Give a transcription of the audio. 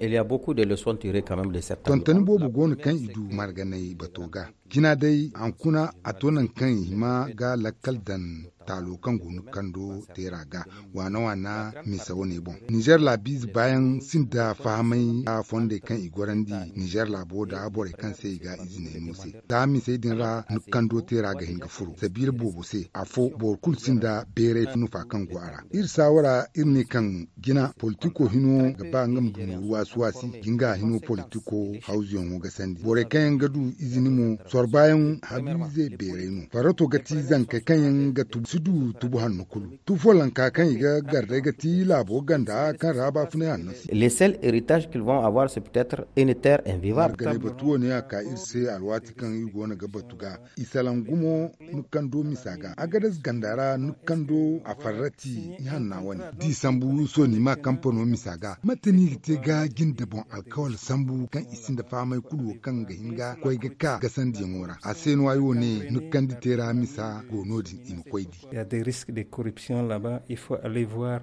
Il y a beaucoup de leçons tirées quand même de cette... talo kan gonu tera ga wana wana misawo ne bon niger la biz bayan sin da fahamai a fonde kan igorandi niger la bo da abore kan sai ga izine nuse da mi sai din ra tera ga hinga furu sabir bo sai afo bo kul sin da bere fa kan gwara ir sawara irni kan gina politiko ga ba ngam gumuruwa suwasi ginga hino politiko on ga sandi bore kan gadu izini mu sor bayan habize bere no farato gati kai kan ga tudu tubu hannu kulu tu folan ka kan yi garda ga ti labo ganda kan raba funa hannu si les seuls héritages qu'ils vont avoir c'est peut-être une terre invivable ne batu ne aka irse alwati kan igo na ga isalan gumo nukan do misaga agadas gandara nukan do farati hanna wani di sambu so ni ma kampano misaga matani te ga ginda bon alcool sambu kan isin da famai kulu kan ga hinga koi ga ka ga sandi ngora asen wayo ne nukan di tera misa gono in di. Il y a des risques de corruption là-bas. Il faut aller voir